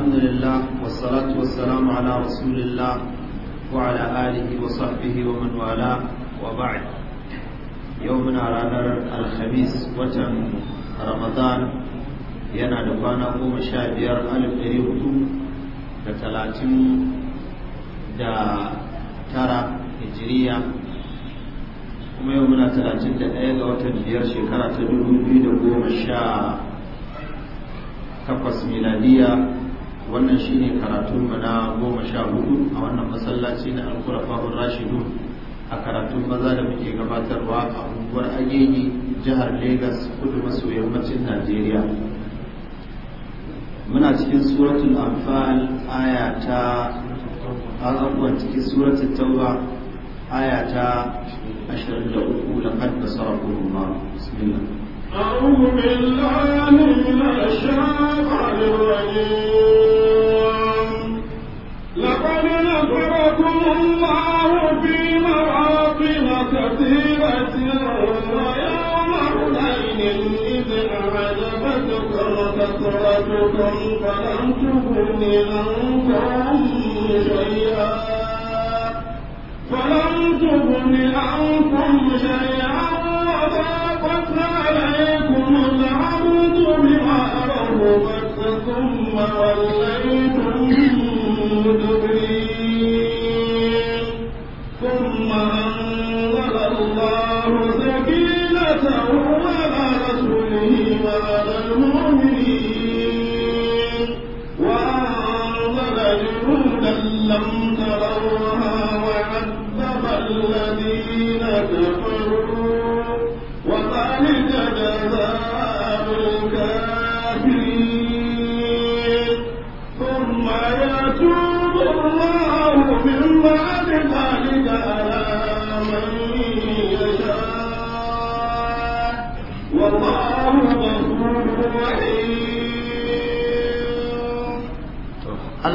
الحمد لله والصلاة والسلام على رسول الله وعلى آله وصحبه ومن والاه وبعد يومنا رانر الخميس وتن رمضان yana da kwana goma sha biyar alif ɗari hudu da talatin da tara hijiriya kuma yau muna talatin da ɗaya ga watan biyar shekara ta dubu biyu da goma sha takwas miladiya wannan shine mu na goma sha hudu a wannan masallaci na alkurafahun rashidu a karatun maza da muke gabatarwa a unguwar agegi jihar Legas, kudu maso yammacin najeriya muna cikin suratul anfal aya ta azabuwan cikin suratul tauba aya ta 23 laqad basarakum Allah bismillah أعوذ بالله من الشيطان الرجيم يذكركم الله في مراقب كثيرة ويوم حنين إذ أعجبتكم كثرتكم فلم تكن عنكم شيئا فلم تكن عنكم شيئا وضاقت عليكم الأرض بما ثم وليتم وَأَنَا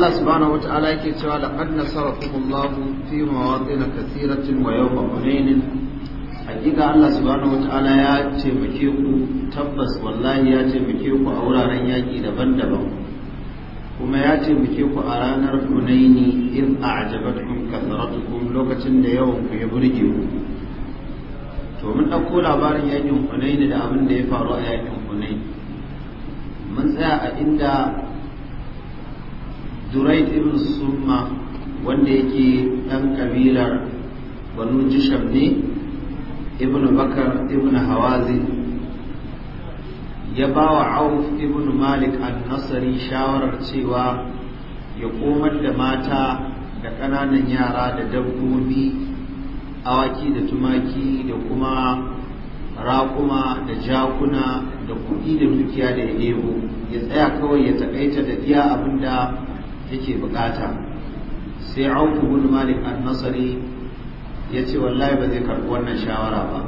Allah subhanahu wa ta'ala yake cewa laqad nasarakumullahu fi mawatin kaseeratin wa yawma hunain hakika Allah subhanahu wa ta'ala ya muke ku tabbas wallahi ya muke ku a wuraren yaki daban-daban kuma ya muke ku a ranar hunaini in a'jabatkum kathratukum lokacin da yawan ku ya burge ku to mun ɗauko labarin yakin hunaini da abin da ya faru a yakin hunaini mun tsaya a inda Duraid ibn Summa wanda yake ɗan kabilar Banu Jisham ne ibn Bakar ibn Hawazi ya ba wa Auf ibn Malik al-Nasari shawarar cewa ya komar da mata da ƙananan yara da dabbobi awaki da tumaki da kuma raƙuma da jakuna da kuɗi da dukiya da ya nemo ya tsaya kawai ya taƙaita da iya abinda yake bukata sai auku bin malik an-nasari ya ce wallahi ba zai karɓi wannan shawara ba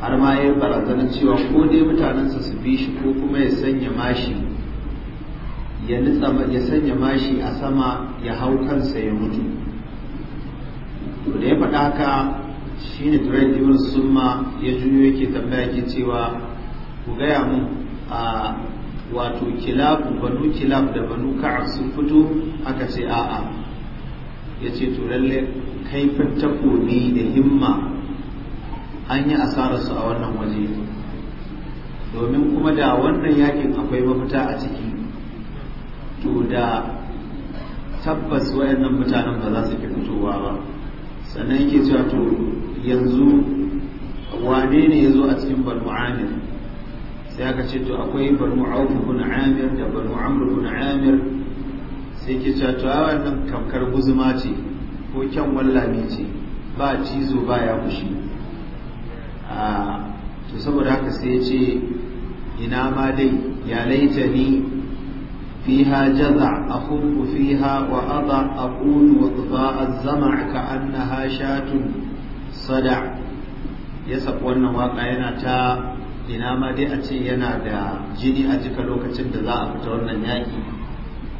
har ma ya barazana cewa ko dai mutanensa su bi shi ko kuma ya sanya mashi ya ya sanya mashi a sama ya hau kansa ya mutu to da ya faɗa haka shine Turai Summa ya juyo yake tambaya ke cewa ku gaya mun a wato kilab banu kilab da banu ka'ab sun fito aka ce a'a ya ce to lalle kaifin takobi da himma an yi asararsu a wannan waje domin kuma da wannan yakin akwai mafita a ciki to da tabbas wayannan mutanen ba za su fi fitowa ba sannan yake cewa to yanzu wane ne ya zo a cikin banu amir sai aka ce to akwai banu auf bin amir da banu amr bin amir sai ke cewa to a wannan tamkar guzuma ce ko kyan wallami ce ba cizo ba ya kushi a to saboda haka sai ya ce ina ma dai ya laita ni فيها جذع أخب فيها وأضع أقول وإضاء الزمع كأنها شاة صدع يسق waka واقعنا ta. ina ma dai a ce yana da jini a jika lokacin da za a fita wannan yaƙi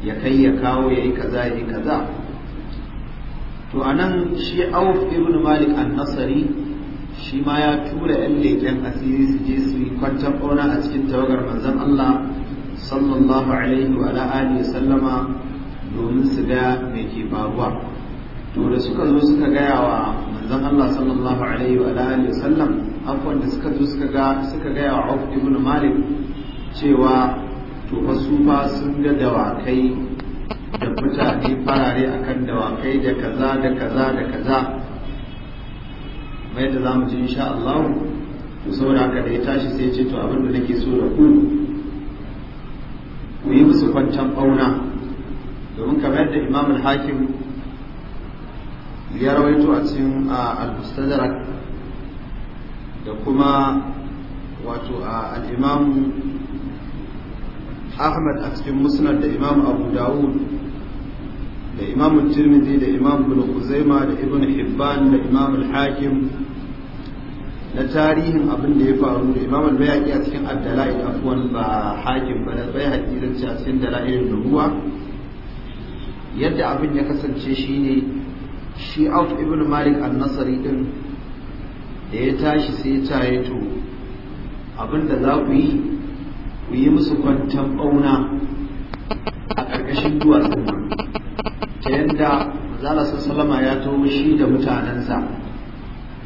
ya kai ya kawo ya yi kaza ya yi kaza to a nan shi auf ibn malik an-nasari shi ma ya tura yan leƙen asiri su je su yi kwantar ƙona a cikin tawagar manzon Allah sallallahu alaihi wa alihi sallama domin su ga me ke faruwa to da suka zo suka gaya wa manzon Allah sallallahu alaihi wa alihi sallam abubuwan da suka zo suka ga suka gaya wa auf ibn malik cewa to fa su fa sun ga dawakai da mutane farare akan dawakai da kaza da kaza da kaza mai da zamu ji insha Allah to saboda haka da ya tashi sai ya ce to abin da nake so da ku ku yi musu kwancan bauna domin kamar da Imam al-Hakim ya rawaito a cikin al-Mustadrak da kuma wato al'imam ahmad a cikin musnad da imam abu dawud da imam tirmidhi da imam bin kuzaima da ibn hibban da imam al-hakim na tarihin abin da ya faru da imam al-bayhaqi a cikin addala'i dalail afwan ba hakim ba al-bayhaqi dan ce a cikin dala'ilin nubuwa yadda abin ya kasance shine shi auf ibn malik an nasari din da ya tashi sai ya caye to abinda za ku yi ku yi musu kwantan bauna a ƙarƙashin duwatsun nan ta yadda zala salama ya taho shi da mutanensa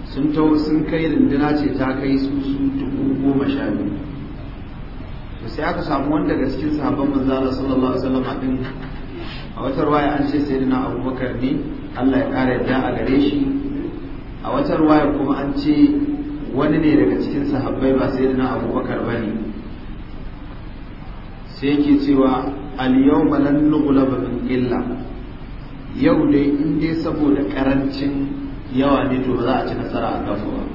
sun taho sun kai rinduna ce ta kai su su dubu goma sha biyu sai aka samu wanda daga cikin sahabban manzala sallallahu alaihi wasallam din a wata ruwaya an ce sayyidina abubakar ne Allah ya ƙara yadda a gare shi a wata ruwaya kuma an ce wani ne daga cikin sahabbai ba sai na abubakar ba ne sai yake cewa aliyau malan nugula babin illa yau dai in dai saboda karancin yawa ne to za a ci nasara a kafa ba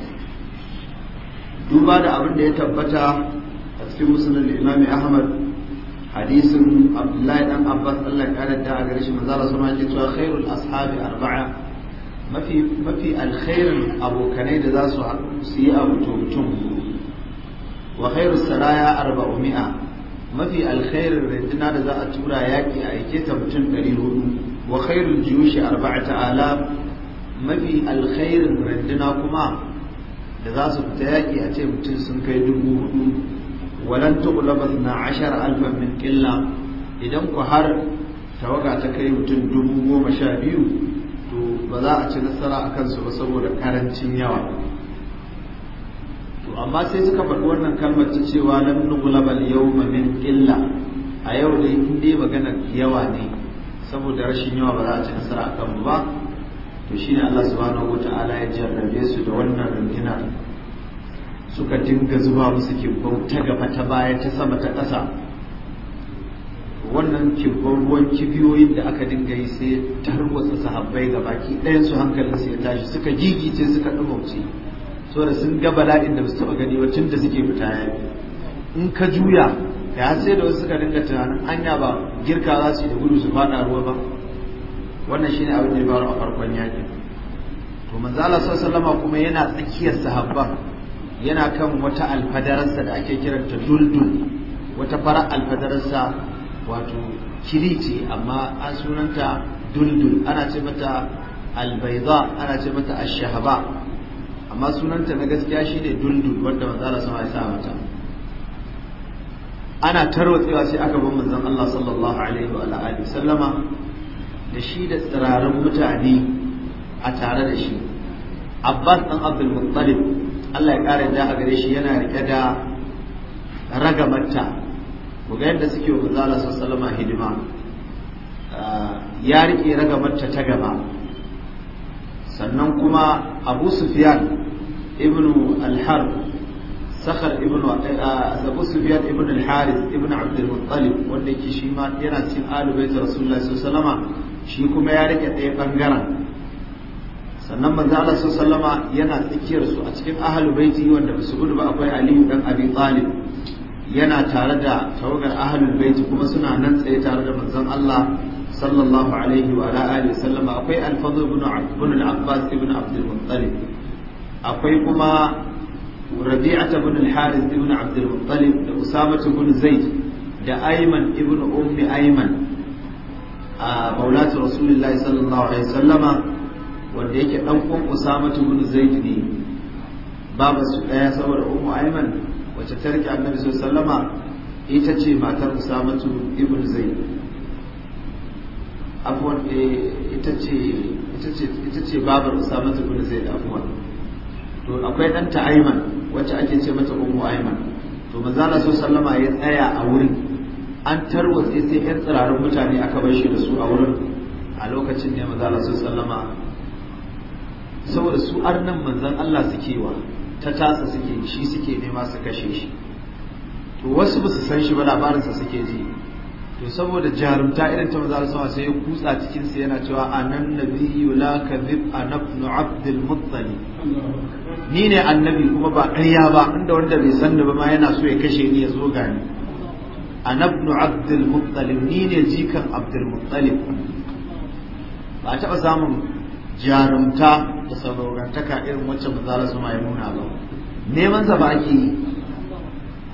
duba da abin da ya tabbata a cikin musulun imami ahmad hadisin abdullahi dan abbas allah ya kada da a gare shi suna ke cewa khairul ashabi arba'a mafi mafi alkhairin abokanai da za su a yi abu to wa khairu saraya arba'umi'a mafi alkhairin rinduna da za a tura yaƙi a aike ta mutum ɗari hudu wa khairu jiyushi arba'ata mafi alkhairin rinduna kuma da za su fita yaƙi a ce mutum sun kai dubu hudu walan tuqlabas na ashar alfan min idan ku har tawaga ta kai mutum dubu goma sha biyu ba za a ci nasara a kansu ba saboda karancin yawa to amma sai suka faɗi wannan kalmar ta cewa lam al yawma min illa a yau da in dai magana yawa ne saboda rashin yawa ba za a ci nasara a kanmu ba to shine Allah subhanahu wata'ala ya jarrabe su da wannan rundunar suka dinga zuba musu kibbau ta gaba ta baya ta sama ta ƙasa wannan kibban ruwan kibiyoyin da aka dinga yi sai tarwatsa sahabbai ga baki ɗayan su hankalin su ya tashi suka gigice suka ɗumauce saboda sun ga bala'in da su taɓa gani wacin da suke fita ya in ka juya ya sai da wasu suka dinga tunanin anya ba girka za su yi da gudu su faɗa ruwa ba wannan shine abin da ya faru a farkon yaƙi to manzo Allah sallallahu kuma yana tsakiyar sahabban yana kan wata alfadararsa da ake kiranta duldul wata fara alfadararsa wato kiri ce amma an sunanta Dundun, ana ce mata albaiza ana ce mata ashahaba amma sunanta na gaskiya shine dundun wanda manzo Allah sallallahu ya mata ana tarwatsewa sai aka bin manzon Allah sallallahu alaihi wa alihi sallama da shi da tsirarin mutane a tare da shi Abbas dan Abdul Muttalib Allah ya kare da gare shi yana rike da ragamarta ku ga yadda suke wa manzala su salama hidima ah, ya rike ragamarta ta gaba sannan kuma abu sufyan ibnu alhar sakhar ibnu ah, abu sufyan ibnu alharis ibnu abdul muttalib wanda yake shi ma yana cikin alubai da rasulullahi sallallahu alaihi shi kuma ya rike ɗaya bangaren sannan manzo Allah sallallahu alaihi yana tsakiyar su a cikin ahlul baiti wanda su gudu ba akwai ali dan abi talib yana tare da tawagar ahlul baiti kuma suna nan tsaye tare da manzon Allah sallallahu alaihi wa alihi sallama akwai al-fadl ibn ibn al-abbas ibn abd al-muttalib akwai kuma rabi'at ibn al-harith ibn abd al-muttalib da usama ibn zaid da ayman ibn ummi ayman a maulat rasulullahi sallallahu alaihi sallama wanda yake dan kun usama ibn zaid ne babu su daya saboda ummu ayman wacce ta rike annabi sallama ita ce matar usamatu ibn zaid afwan eh, ita ce ita ce ita ce babar usamatu ibn zaid afwan to akwai ɗanta aiman wacce ake ce mata ummu aiman to manzo Allah sallama ya tsaya a wurin an tarwatse sai yan tsirarin mutane aka bar shi da su a wurin a lokacin ne manzo Allah sallama saboda su arnan manzon Allah suke wa ta tasa suke shi suke nema su kashe shi to wasu ba su san shi ba labarinsa suke ji to saboda jarumta irin ta maza sama sai ya kutsa cikinsa yana cewa anan nabiyyi la kadhib anabnu abdul muttali ni ne annabi kuma ba ƙarya ba inda wanda bai san ba ma yana so ya kashe ni ya zo gani anabnu abdul muttali ni ne jikan abdul muttali ba a taɓa samun jarumta da saurantaka irin wacce manzala su mai nuna ba neman sa ba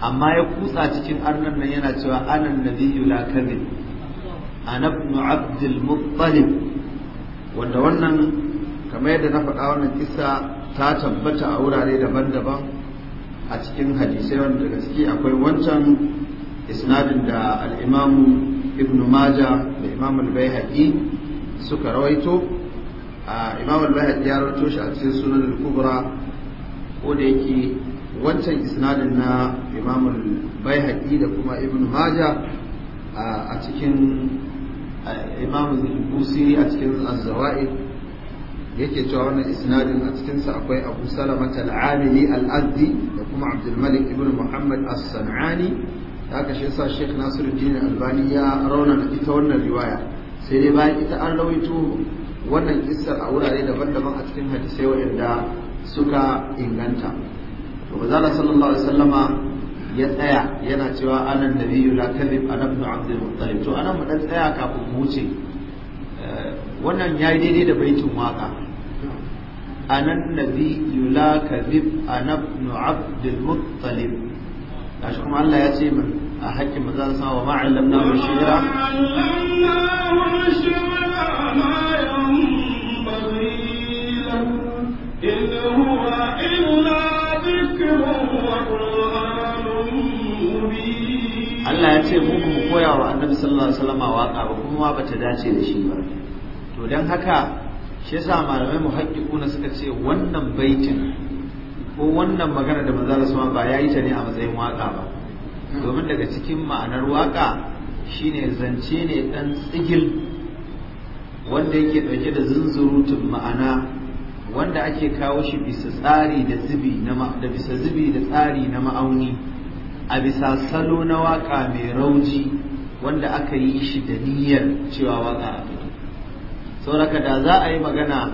amma ya kutsa cikin arnan nan yana cewa anan nabiyyu la kadhib ana ibn abdul muttalib wanda wannan kamar yadda na faɗa wannan kisa ta tabbata a wurare daban-daban a cikin hadisai wanda gaske akwai wancan isnadin da al-imamu ibn majah da imamu al-baihaqi suka rawaito imam al bahad ya rato shi a cikin sunan al-kubra ko da yake wancan isnadin na imam al-bayhaqi da kuma ibn majah a cikin imam al busi a cikin az-zawaid yake cewa wannan isnadin a cikin sa akwai abu salama al-amili al-azdi da kuma abdul malik ibn muhammad as-sanani haka shi yasa sheikh nasiruddin albani ya raunana ita wannan riwaya sai dai bayan ita an rawaito wannan kissar a wurare daban-daban a cikin hadisai waɗanda suka inganta to a sallallahu alaihi wasallama ya tsaya yana cewa anan nabiyyu la kadhib ana ibn abdul muttalib to anan mu dan tsaya kafin mu wuce eh, wannan ya yi daidai da baitin waka anan nabiyyu la kadhib ana ibn abdul muttalib shi kuma Allah ya ce min a hakkin manzala sallallahu alaihi wasallama wa ma'allamnahu shi'ra Allah ya ce mu mu koya wa annabi sallallahu alaihi wasallam waka ba kuma ma bata dace da shi ba to dan haka shi yasa malamai muhaddiquna suka ce wannan baitin ko wannan magana da manzo wasallam ba ya yi ta ne a matsayin waka ba domin daga cikin ma'anar waka shine zance ne dan tsigil wanda yake dauke da zunzurutun ma'ana wanda ake kawo shi bisa tsari da zubi na da bisa zubi da tsari na ma'auni a bisa salo na waka mai rauji wanda aka yi shi da niyyar cewa waka a fito sauraka da za a yi magana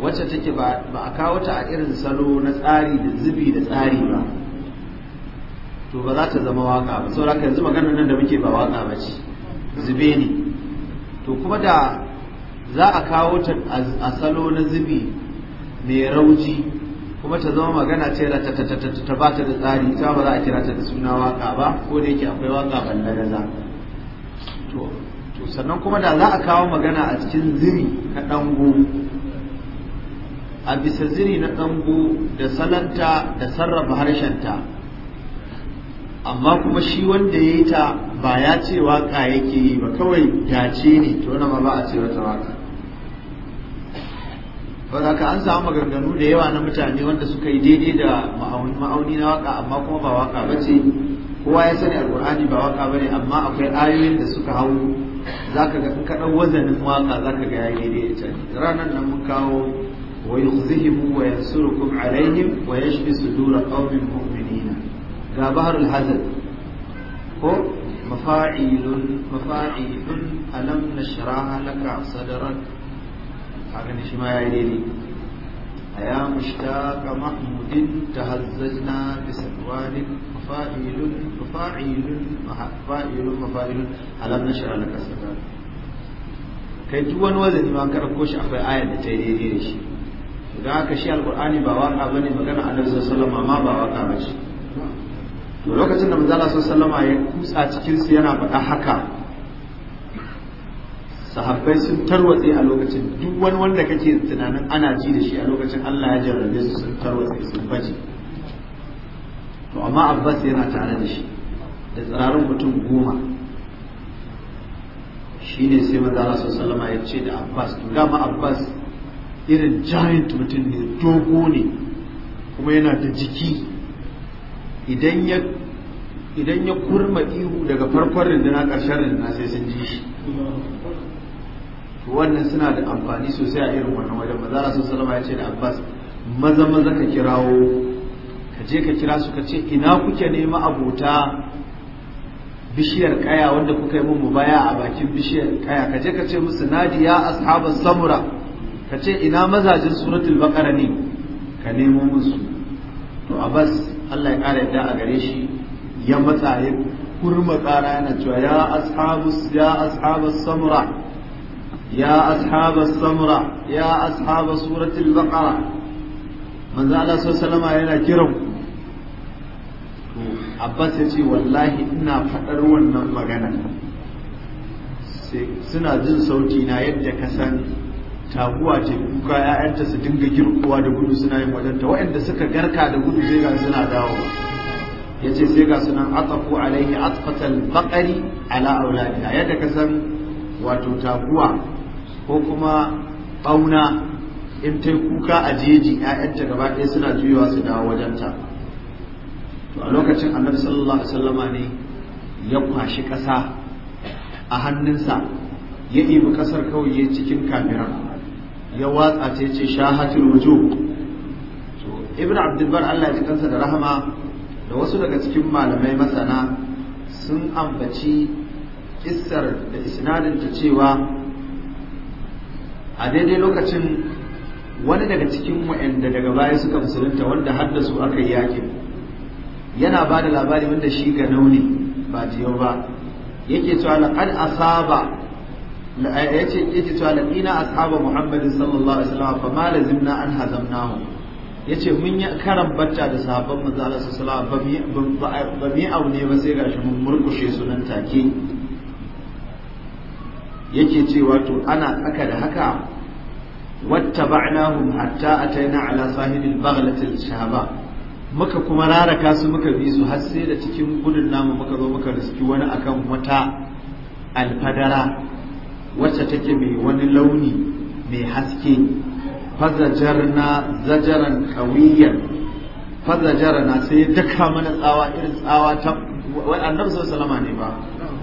wacce take ba a kawo ta a irin salo na tsari da zubi da tsari ba to ba za ta zama waka ba sauraka yanzu magana nan da muke ba waka ba ce zube ne to kuma da za a kawo ta a salo na zubi mai rauji kuma ta zama magana ce da ta ba ta da tsari ta ba za a kira ta da suna waka ba ko da yake akwai waka ban ballagaza za. to sannan kuma da za a kawo magana a cikin ziri na dango a bisa ziri na dango da salanta da sarrafa harshenta amma kuma shi wanda ya yi ta ba ya ce waka yake yi ba kawai dace ne to na ma ba a ce wata waka saboda ka an samu maganganu da yawa na mutane wanda suka yi daidai da ma'auni na waka amma kuma ba waka ba ce kowa ya sani alkur'ani ba waka ba ne amma akwai ayoyin da suka hau za ka ga in ɗau wazanin waka za ka ga ya daidai da ranar nan mun kawo wa yuzihimu wa yansurukum alaihim wa ya su dura qaumin mu'minina ga baharul hazal ko mafa'ilun mafa'ilun alam shara laka sadarar. haka ne shi ma yayi daidai aya mushtaqa mahmudin tahazzajna bi sadwanin fa'ilun fa'ilun fa'ilun mafa'ilun alam nashra laka sadran kai duk wani wazani ma ka dauko shi akwai ayar da ta yi daidai da shi don haka shi alqur'ani ba waka bane magana annabi sallallahu alaihi wasallam ma ba waka bace to lokacin da manzo sallallahu alaihi wasallam ya kutsa cikin su yana faɗa haka sahabbai sun tarwatse a lokacin duk wani wanda kake tunanin ana ji da shi a lokacin Allah ya jarrabe su sun tarwatse sun baje to amma Abbas yana tare da shi da tsararin mutum goma shine sai Maza Allah sallama ya ce da Abbas to dama Abbas irin giant mutum ne dogo ne kuma yana da jiki idan ya idan ya kurma ihu daga farkon rindina ƙarshen rindina sai sun ji shi wannan suna da amfani sosai a irin wannan wajen maza rasu salama ya ce da abbas maza maza ka kirawo ka je ka kira su ka ce ina kuke nema abota bishiyar kaya wanda kuka yi mu baya a bakin bishiyar kaya ka je ka ce musu ya ashabar samura ka ce ina mazajin suratul baqara ne ka nemo musu to abbas Allah ya kara yadda a gare shi ya matsa ya kurma kara yana cewa ya ashabus ya samura يا أصحاب السمرة يا أصحاب سورة البقرة من ذا الله صلى الله عليه وسلم Abbas ya ce wallahi ina faɗar wannan magana suna jin sauti na yadda ka san taguwa ce kuka ‘ya'yanta su dinga girkuwa da gudu suna yin wajenta waɗanda suka garka da gudu sai ga suna dawo ya ce sai ga sunan atafu alaihi atfatal baƙari ala auladiha yadda ka san wato taguwa ko kuma bauna in ta kuka a jeji 'ya'yanta gaba ɗaya suna juyawa su dawo wajenta to a lokacin annabi sallallahu alaihi sallama ne ya kwashi ƙasa a hannunsa ya ɗibi ƙasar kawai ya cikin kafiran ya watsa ta ce shahatul wujuh to ibn abdulbar Allah ya ji da rahama da wasu daga cikin malamai masana sun ambaci kissar da isnadin ta cewa a daidai lokacin wani daga cikin wa'anda daga baya suka musulunta wanda har da su aka yi yakin yana ba da labari wanda shi ga nauni ba yau ba yake cewa laqad asaba yace yake cewa laqina ashaba muhammadin sallallahu alaihi wasallam fa ma lazimna an hazamnahu yace mun yi karan bacca da sahabban manzo sallallahu alaihi ba mu aune ba sai gashi mun murkushe su nan take yake cewa to ana tsaka da haka wattaba'nahum hatta ataina ala sahibil baghlatil shahaba muka kuma raraka su muka bi su har sai da cikin gudun namu muka zo muka riski wani akan wata alfadara wacce take mai wani launi mai haske fazajarna zajaran qawiyan fazajarna sai ya daka mana tsawa irin tsawa ta annabi sallallahu ne ba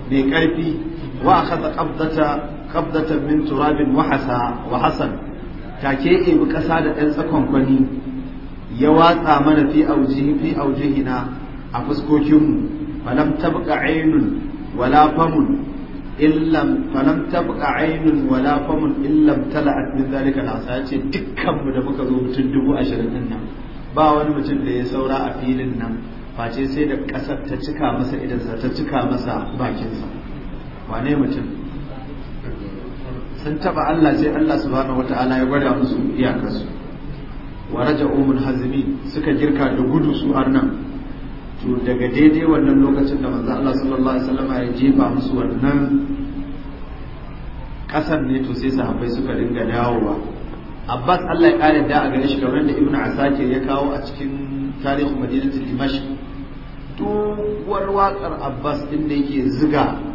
mai karfi وأخذ قبضة قبضة من تراب وحسا وحسن تاكي إب كسادة أنسا كونكوني يوات آمن في أوجه في أوجهنا أفسكوكم فلم تبق عين ولا فم in lam falam tabqa aynun wala famun in lam tala'at zalika al-asa yace dukkan mu da muka zo mutum dubu ashirin din nan ba wani mutum da ya saura a filin nan face sai da ƙasar ta cika masa idan ta cika masa bakinsa wane mutum sun taba Allah sai Allah subhanahu wata'ala ya gwada musu iyakarsu wa raja'u hazimi suka girka da gudu su nan. to daga daidai wannan lokacin da manzo Allah sallallahu alaihi wasallam ya jefa musu wannan kasar ne to sai sahabbai suka dinga dawowa Abbas Allah ya kare da a gare shi kamar da Ibn Asakir ya kawo a cikin tarihi Madinatul Dimashq duk waƙar Abbas din da yake ziga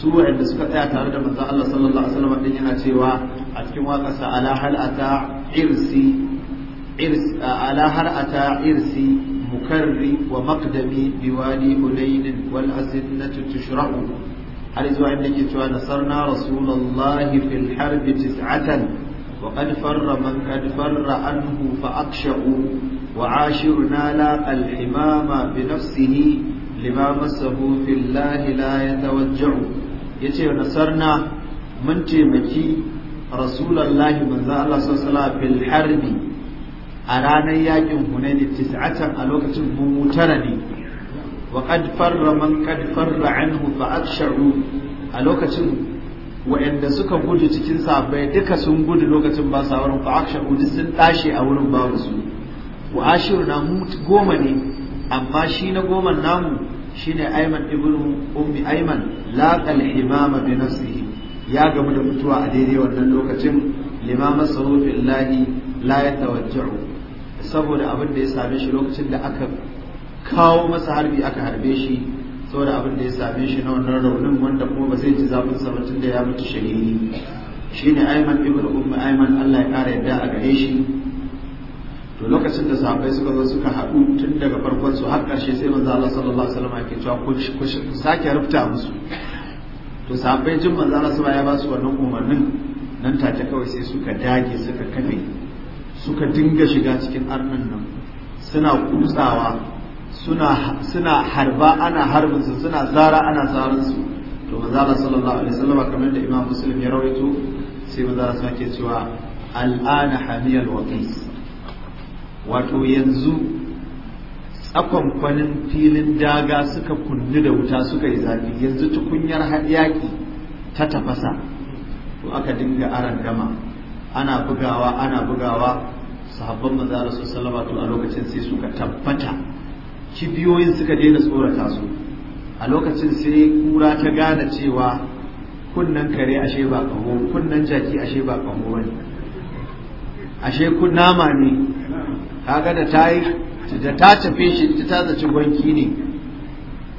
su wa'anda suka tsaya tare da manzon Allah sallallahu alaihi wasallam din yana cewa a cikin waka sa ala hal ata irsi irs ala ata irsi mukarri wa maqdami biwadi hunain wal asinnatu tushrahu har zuwa inda yake cewa nasarna rasulullahi fil harbi tis'atan wa qad farra man qad farra wa ashirna laqa al himama bi nafsihi lima ya ce nasarna mun taimaki rasulallah manzo Allah sallallahu alaihi fil harbi a ranar yakin hunaini tis'atan a lokacin mu ne wa qad farra man qad farra anhu fa aksharu a lokacin wa'anda suka gudu cikin sabai duka sun gudu lokacin ba sa wurin fa aksharu duk sun tashi a wurin ba su wa ashiru na mut goma ne amma shi na goma namu shine Ayman ibn Ummi Ayman laqal himama bi nafsihi ya gamu da mutuwa a daidai wannan lokacin limama sarufi illahi la ya saboda abin da ya same shi lokacin da aka kawo masa harbi aka harbe shi saboda abin da ya same shi na wannan raunin wanda kuma ba zai ji zafin sa tun da ya mutu shahidi shine Ayman ibn Ummi Ayman Allah ya kara yadda a gare shi to lokacin da sahabbai suka zo suka haɗu tun daga farkon su har ƙarshe sai manzo Allah sallallahu alaihi wasallam yake cewa ku sake rufta musu to sahabbai jin manzo Allah sallallahu ya ba su wannan umarnin nan take kawai sai suka dage suka kafe suka dinga shiga cikin arnan nan suna kutsawa suna suna harba ana harbin su suna zara ana zaran su to manzo Allah sallallahu alaihi wasallam kamar da Imam Muslim ya rawaito sai manzo Allah sallallahu alaihi ke cewa al'ana hamiyal waqis wato yanzu tsakonkwanin filin daga suka kunni da wuta suka yi zafi yanzu tukunyar yaƙi ta tafasa to aka dinga aran gama ana bugawa ana bugawa sahabban manzo su sallama a lokacin sai suka tabbata kibiyoyin suka daina tsorata su a lokacin sai kura ta gane cewa kunnan kare ashe ba kaho kunnan jaki ashe ba kaho ashe kun nama ne kaga da ta yi da ta tafi shi ta ta zaci gwanki ne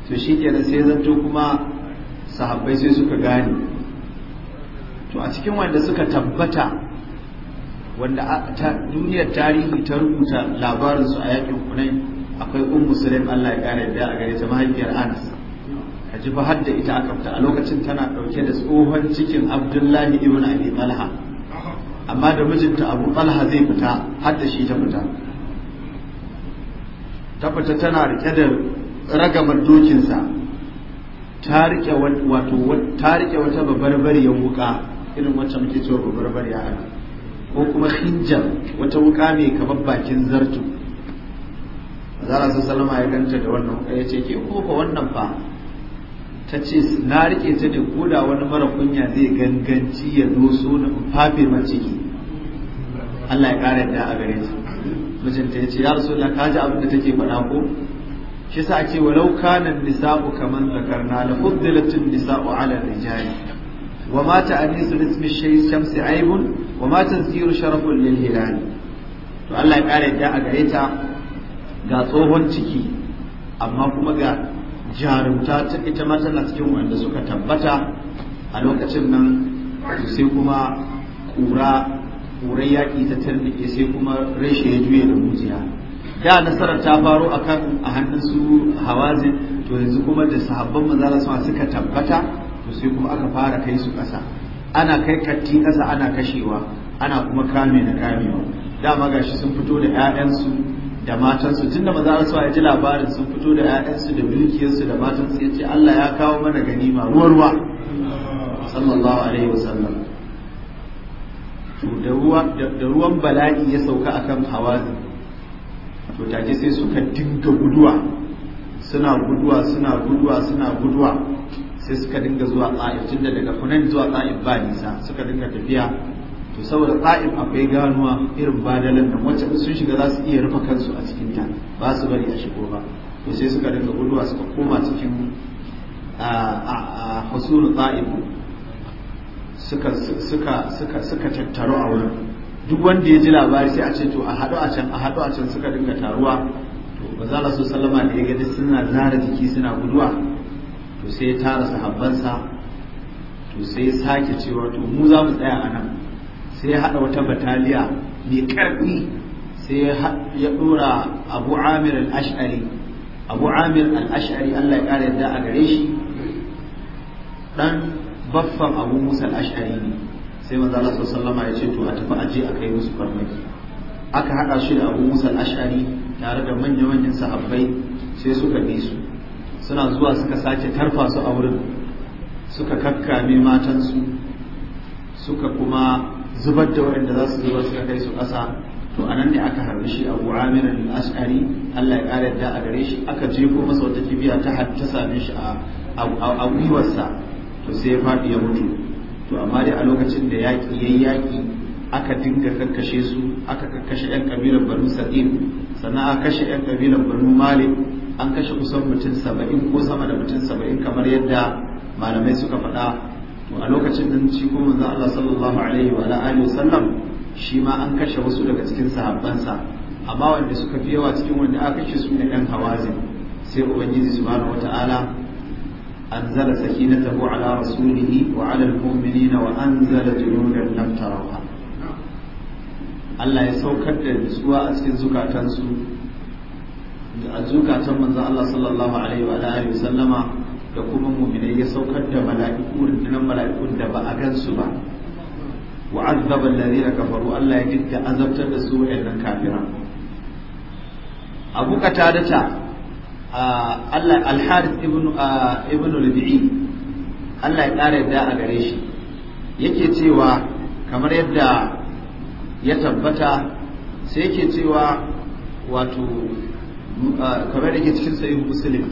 to shi da sai zanto kuma sahabbai sai suka gane to a cikin wanda suka tabbata wanda ta duniyar tarihi ta rubuta labarinsu a yakin kunai akwai ummu sulaim Allah ya kare da a gare ta mahaifiyar Anas A ji hadda ita aka fita a lokacin tana ɗauke da tsohon cikin Abdullahi ibn Abi Talha amma da mijinta Abu Talha zai fita hadda shi ta fita tafata tana rike da ragamar dokinsa ta rike wato ta rike wata wuka irin wacce muke cewa bariya ana ko kuma hinjar wata wuka mai kamar bakin zartu zara sa salama ya ganta da wannan wuka ya ce ke ko ba wannan fa ta ce na rike ta ne ko da wani mara kunya zai ganganci ya zo so na fafe maciki Allah ya kare da a gare shi mijinta ya ce ya rasu kaji abin da take faɗa ko shi sa ce walau kana nisa'u kaman zakarna la fuddilatun nisa'u ala rijali wa ma ta'anisu ismi shay'in shamsi aibun wa ma tansiru sharafun lil hilal to Allah ya kare da a gare ta ga tsohon ciki amma kuma ga jarumta ta ita mata na cikin wanda suka tabbata a lokacin nan sai kuma kura ƙurai yaƙi ta tarbiƙe sai kuma reshe ya juye da mujiya da nasarar ta faro akan a hannun su hawazin to yanzu kuma da sahabban manzala suka tabbata to sai kuma aka fara kai su ƙasa ana kai katti ƙasa ana kashewa ana kuma kame da kamewa dama gashi sun fito da 'ya'yansu da matansu tunda maza su ya ji labarin sun fito da 'ya'yansu da mulkiyarsu da matansu ya ce Allah ya kawo mana ganima ruwa ruwa sallallahu alaihi wasallam to da ruwan bala'i ya sauka akan hawazin to take sai suka dinga guduwa suna guduwa suna guduwa suna guduwa sai suka dinga zuwa ta'if tunda daga kunan zuwa ta'if ba nisa suka dinga tafiya to saboda ta'if akwai ganuwa irin badalan da wacce sun shiga za su iya rufe kansu a cikin ta ba su bari a shigo ba to sai suka dinga guduwa suka koma cikin a a husulu suka suka suka suka tattaru a wurin duk wanda ya ji labari sai a ce to a haɗu a can a haɗu a can suka dinga taruwa to la so sallama da ya gani suna zara jiki suna guduwa to sai ya tara sahabbansa to sai ya sake cewa to mu za mu tsaya a nan sai ya haɗa wata bataliya mai ƙarfi sai ya ɗora abu amir al-ash'ari abu amir al-ash'ari allah ya ƙara yadda a gare shi ɗan baffan abu musa ashari ne sai maza Allah sallama ya ce to a tafi aje a kai musu farmaki aka hada shi da abu musa ashari tare da manya-manyan sahabbai sai suka bi su suna zuwa suka sace tarfa su a wurin suka kakkame matansu suka kuma zubar da waɗanda za su zubar suka kai su ƙasa to a nan ne aka harbi shi abu amir ashari Allah ya ƙara yadda a gare shi aka jefo masa wata kibiya ta same shi a gwiwarsa to sai ya faɗi ya mutu to amma dai a lokacin da yaƙi yi yaƙi aka dinga kakkashe su aka kakkashe yan kabilar banu sa'in sannan aka kashe yan kabilar banu malik an kashe kusan mutum saba'in ko sama da mutum saba'in kamar yadda malamai suka faɗa to a lokacin nan shi kuma manzo Allah sallallahu alaihi wa alihi sallam shi ma an kashe wasu daga cikin sahabbansa amma wanda suka fi yawa cikin wanda aka kashe su ne ɗan hawazin sai ubangiji subhanahu wata'ala أنزل سكينته على رسوله وعلى المؤمنين وأنزل جنودا لم تروها Allah ya saukar da nutsuwa a cikin zukatansu da a zukatan manzon Allah sallallahu alaihi wa alihi da kuma mu'minai ya saukar da mala'iku rundunar da ba a gansu ba wa azzaba alladhina kafaru Allah ya dinka azabtar da su wa'annan kafiran Abu Qatadata Allah ibn ibn Rabi'i Allah ya ƙara yadda a gare shi yake cewa kamar yadda ya tabbata sai yake cewa wato kamar yake ke cikin sayin musulun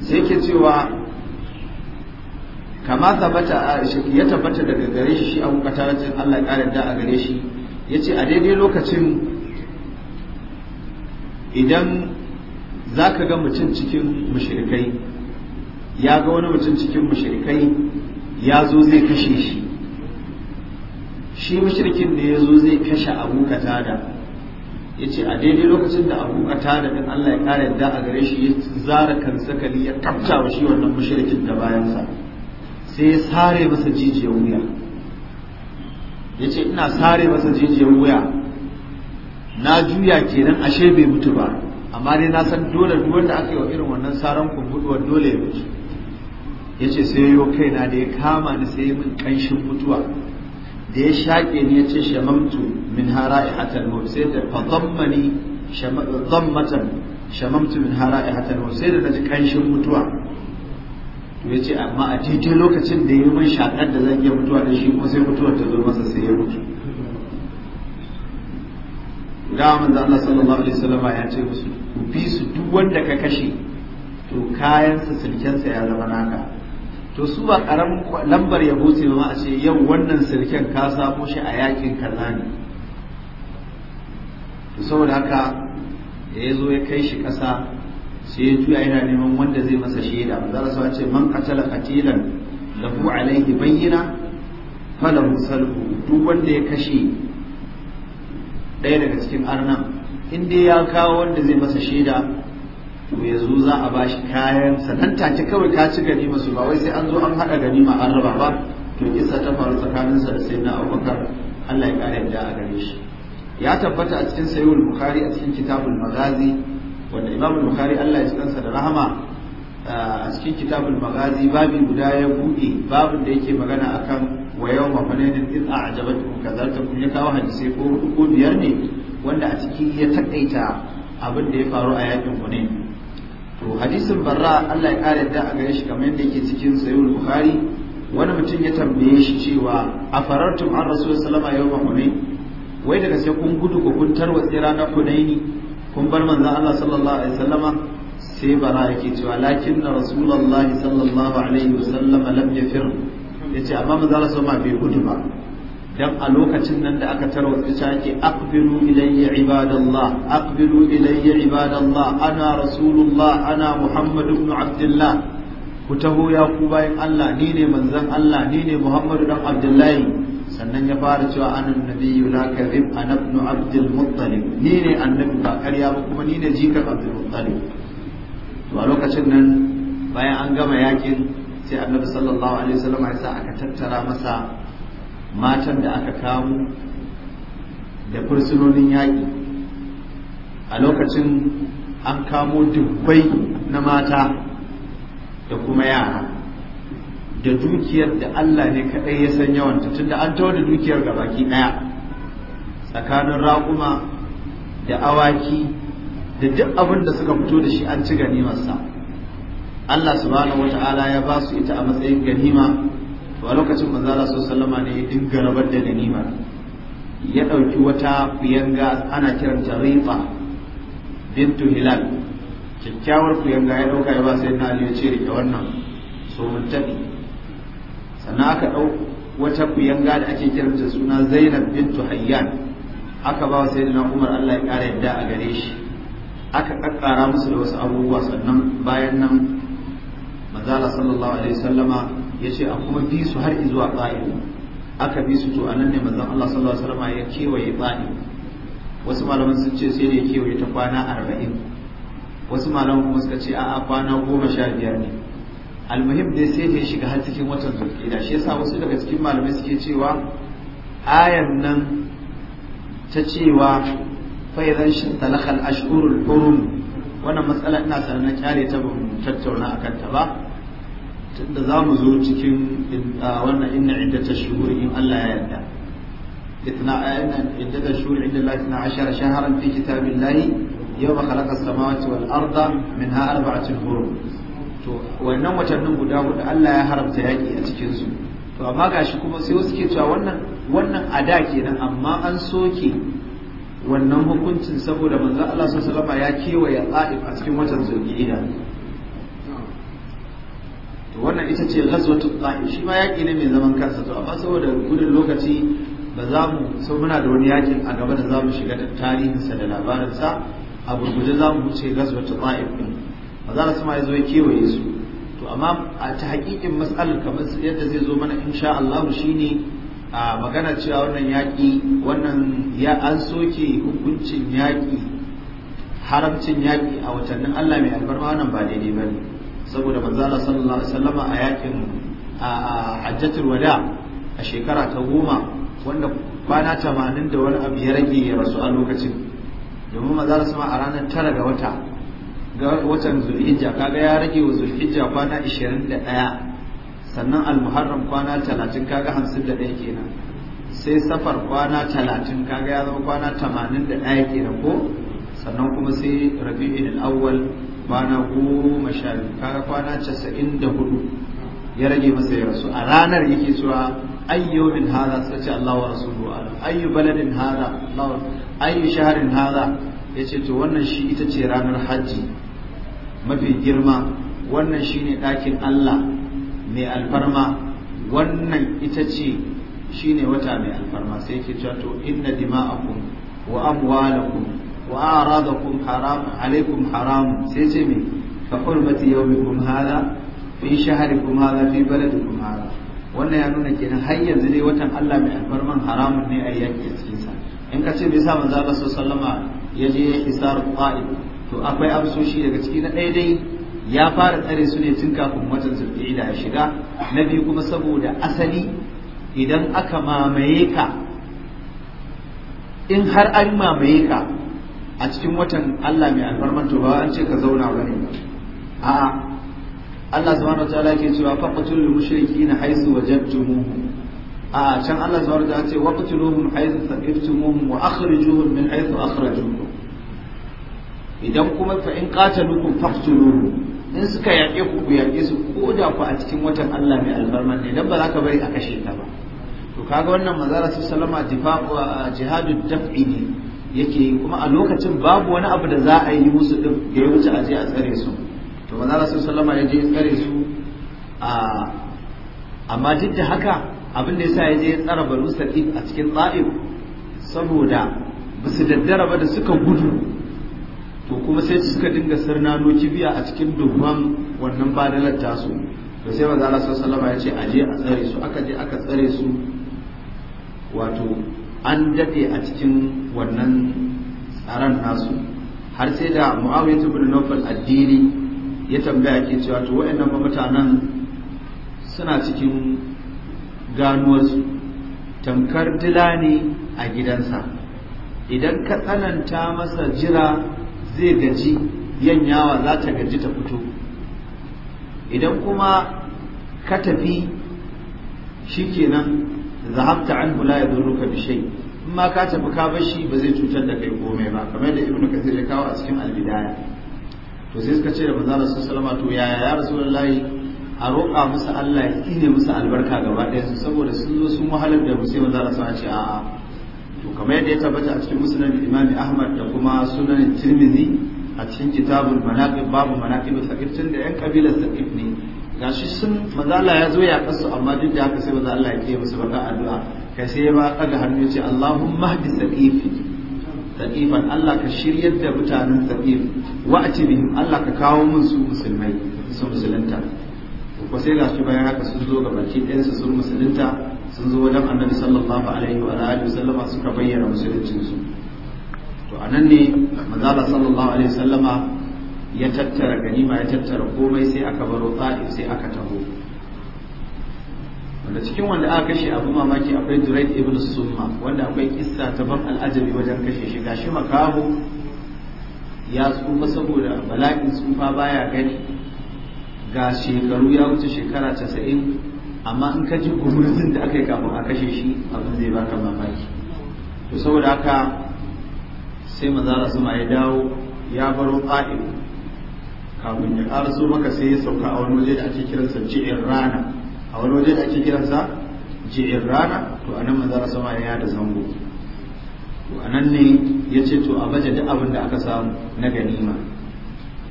sai yake cewa kama tabbata ya tabbata daga gare shi shi abu katarancin Allah ya ƙara da a gare shi ya ce a daidai lokacin idan za ka ga mutum cikin mushrikai ya ga wani mutum cikin mushrikai ya zo zai kashe shi shi mushrikin da ya zo zai kashe abu tada ya ce a daidai lokacin da abu tada din Allah ya kare yadda a gare shi ya zara kan kali ya tafta wa shi wannan mushrikin da bayansa sai ya sare masa jijiyar wuya ya ce ina sare masa jijiyar wuya na juya kenan ashe bai mutu ba amma dai na san dole duk wanda aka yi wa irin wannan saran kumbuduwar dole ya mutu ya ce sai yo kaina da ya kama ni sai min kanshin mutuwa da ya shaƙe ni ya ce shamamtu min hara'i ya mawt sai da fadammani zammatan shamamtu min hara'i ya mawt sai da na ji kanshin mutuwa to ya ce amma a titi lokacin da ya yi min shaƙar da zan iya mutuwa da shi ko sai mutuwar ta zo masa sai ya mutu da manzo Allah sallallahu alaihi wasallam ya ce musu bi su duk wanda ka kashe to kayan sa sirken sa ya zama naka to su ba karamin lambar ya buce ba a ce yau wannan sirken ka samo shi a yakin kaza ne to saboda haka ya zo ya kai shi kasa sai ya juya yana neman wanda zai masa shaida manzo Allah ce man qatala qatilan lahu alaihi bayyina falahu salhu duk wanda ya kashe ɗaya daga cikin arnan in ya kawo wanda zai masa shaida to ya zo za a bashi kayan sananta take kawai ka ci gani masu ba wai sai an zo an haɗa gani ma an raba ba to kisa ta faru tsakaninsa da sai na abubakar Allah ya kare da a gare shi ya tabbata a cikin sayyid bukhari a cikin kitabul magazi wanda imam bukhari Allah ya kansa da rahama a cikin kitabul magazi babi guda ya buɗe babin da yake magana akan wa yau ma fananin in a ajabatkum kun ya kawo hadisai ko ko biyar ne wanda a cikin ya takaita abin da ya faru a yakin hunain to hadisin barra Allah ya kare da a gare shi kamar yadda yake cikin sayyid bukhari wani mutum ya tambaye shi cewa a farartum an rasul sallama yau ma hunain wai daga sai kun gudu ko kun tarwatse kunai hunaini kun bar manzon Allah sallallahu alaihi wasallama sai bara yake cewa lakin rasulullahi sallallahu alaihi wasallama lam yafir yace amma manzo Allah sama bai gudu ba dan a lokacin nan da aka tarwa ta ake aqbilu ilayya ibadallah aqbilu ilayya ibadallah ana rasulullah ana muhammad ibn abdullah ku taho ya ku bayan Allah ni ne manzon Allah ni ne muhammadu dan abdullahi sannan ya fara cewa anan nabiyyu la kadhib ana ibn abdul muttalib ni ne annabi ba ƙarya ba kuma ni ne jikar abdul muttalib to a lokacin nan bayan an gama yakin sai annabi sallallahu alaihi wasallam ya sa aka tattara masa matan da aka kamu da fursunonin yaƙi a lokacin an kamo dubbai na mata da kuma yara da dukiyar da Allah ne kaɗai ya san yawanta tunda an tawo da dukiyar gabaki ɗaya tsakanin raƙuma da awaki da duk abin da suka fito da shi an ci ganimarsa Allah subhanahu wata'ala ya ba su ita a matsayin ganima to a lokacin manzo Allah wasallam ne ya dinga rabar da ganima ya dauki wata kuyanga ana kiranta Rifa bintu Hilal kyakkyawar kuyanga ya dauka ya ba sai na Ali ya ce da wannan so mun tafi sannan aka dau wata kuyanga da ake kiranta suna Zainab bintu Hayyan aka ba wa na Umar Allah ya kara yadda a gare shi aka kakkara musu da wasu abubuwa sannan bayan nan manzala sallallahu alaihi sallama, ya ce a kuma bi su har zuwa ta'if aka bi su to anan ne manzon Allah sallallahu alaihi wasallama ya kewaye ta'if wasu malaman sun ce sai da ya kewaye ta kwana arba'in wasu malaman kuma suka ce a'a kwana goma sha biyar ne almuhim dai sai da ya shiga har cikin watan zulkida shi yasa wasu daga cikin malamai suke cewa ayan nan ta cewa faizan shi talakal ashhurul hurum wannan matsala ina sanar na kyale ta ba mu tattauna akan ta ba tunda za mu zo cikin wannan inna ta shuhuri in Allah ya yarda itna ayyana iddata shuhuri inda Allah tana ashara shaharan fi kitabillahi yau khalaqa as-samawati wal arda minha arba'atun hurum to wannan watannin guda guda Allah ya haramta yaƙi a cikinsu. to amma gashi kuma sai wasu ke cewa wannan wannan ada kenan amma an soke wannan hukuncin saboda manzo Allah sallallahu alaihi wasallam ya kewaye Taif a cikin watan Zulqa'ida to wannan ita ce ghazwatul qa'i shi ma yaki ne mai zaman kansa to amma saboda gudun lokaci ba za mu so muna da wani yakin a gaba da za mu shiga da tarihinsa da labarinsa a gurguje za mu wuce ghazwatul qa'i din ba za su ma ya zo ya kewaye su to amma a ta hakikin mas'alar kamar yadda zai zo mana insha Allah shine a magana cewa wannan yaƙi wannan ya an soke hukuncin yaƙi haramcin yaƙi a watannin Allah mai albarma wannan ba daidai ba ne saboda manzala sallallahu alaihi wasallama a yakin a hajjatul wada a shekara ta goma wanda kwana tamanin da wani abu ya rage ya rasu a lokacin domin manzala sama a ranar tara ga wata ga watan zulhijja kaga ya rage wa zulhijja kwana ishirin da ɗaya sannan almuharram kwana talatin kaga hamsin da ɗaya kenan sai safar kwana talatin kaga ya zama kwana tamanin da ɗaya kenan ko sannan kuma sai rabi'in al-awwal kwana goma sha biyu kaga kwana casa'in da hudu ya rage masa ya rasu a ranar yake cewa ayyo min haza suka ce Allah wa rasulu ala ayyo baladin haza Allah ayyo shaharin hada yace to wannan shi ita ce ranar hajji mafi girma wannan shi ne ɗakin Allah mai alfarma wannan ita ce shi ne wata mai alfarma sai yake cewa to inna dima'akum wa amwalakum wa aradakum sai ce me ka qurbati hada hada hada wannan ya nuna kenan har yanzu dai watan Allah mai albarman haramun ne a yaki a cikin sa in ka ce bai sa manzo Allah sallama ya je isar qa'id to akwai amsoshi daga ciki na ɗaya dai ya fara tsare su ne tun kafin watan zulqa'ida ya shiga na biyu kuma saboda asali idan aka mamaye ka in har an mamaye ka a cikin watan Allah mai alfarman to ba an ce ka zauna bane a'a Allah subhanahu wataala ke cewa faqtul mushrikina haisu wajadtumuhum a can Allah subhanahu wataala ce waqtuluhum haisu saqiftumuhum wa akhrijuhum min haisu akhrajukum idan kuma fa in qatalukum faqtuluhum in suka yaƙe ku ku yaƙe su ko da ku a cikin watan Allah mai albarman ne dan ba za ka bari a kashe ta ba to kaga wannan manzara su salama jihadu daf'i ne yake yi kuma a lokacin babu wani abu da za a yi musu din da ya wuce a je a tsare su to manzo Allah sallama ya je tsare su a amma duk da haka abin da yasa ya je tsara balu Saqif a cikin Ta'if saboda su daddara ba da suka gudu to kuma sai suka dinga sirnano kibiya a cikin dubban wannan badalar tasu to sai manzo Allah sallama ya ce a je a tsare su aka je aka tsare su wato an dade a cikin wannan tsaron nasu har sai da mu'awiyat ibn nawfal addini ya tambaya ke cewa to wayannan ba mutanen suna cikin ganuwarsu tamkar dila ne a gidansa idan ka tsananta masa jira zai gaji yanyawa za ta gaji ta fito idan kuma ka tafi kenan. zahabta anhu la yadurruka bi shay in ma ka tafi ka bar shi ba zai cutar da kai komai ba kamar da ibnu kasir ya kawo a cikin albidaya to sai suka ce da manzo Allah sallallahu alaihi to yaya ya rasulullahi a roƙa musu Allah ya tsine musu albarka gaba ɗaya su saboda sun zo sun wahalar da sai manzo Allah sallallahu alaihi a'a to kamar yadda ya tabbata a cikin musnad Imam Ahmad da kuma sunan Tirmidhi a cikin kitabul manaqib babu manaqib tun da yan kabilar sakif ne shi sun manzala ya zo ya kasu amma duk da haka sai manzo Allah ya kiyaye musu baka addu'a kai sai ba kaga hannu ya ce Allahumma hdi saqifi saqifan Allah ka shiryar da mutanen saqif wa atibihim Allah ka kawo mun su musulmai su musulunta ko sai gashi bayan haka sun zo ga baki ɗayan su sun musulunta sun zo wajen Annabi sallallahu alaihi wa alihi wasallama suka bayyana musuluncin su to anan ne manzala sallallahu alaihi wasallama ya tattara ganima ya tattara komai sai aka baro ta'if sai aka taho wanda cikin wanda aka kashe abu mamaki akwai durait ibn Summa wanda akwai kissa ta ban al'ajabi wajen kashe shi gashi makaho ya tsufa saboda bala'in tsufa baya gani ga shekaru ya wuce shekara casa'in amma in ka ji da aka yi kafin a kashe shi abin zai baka mamaki to saboda haka sai manzara sama ya dawo ya baro ƙa'im kafin ya karaso maka sai ya sauka a wani waje da ake kiransa ji'in rana a wani waje da ake kiransa ji'in rana to a nan manzara sama ya da zango to a nan ne ya ce to a baje duk abin da aka samu na ganima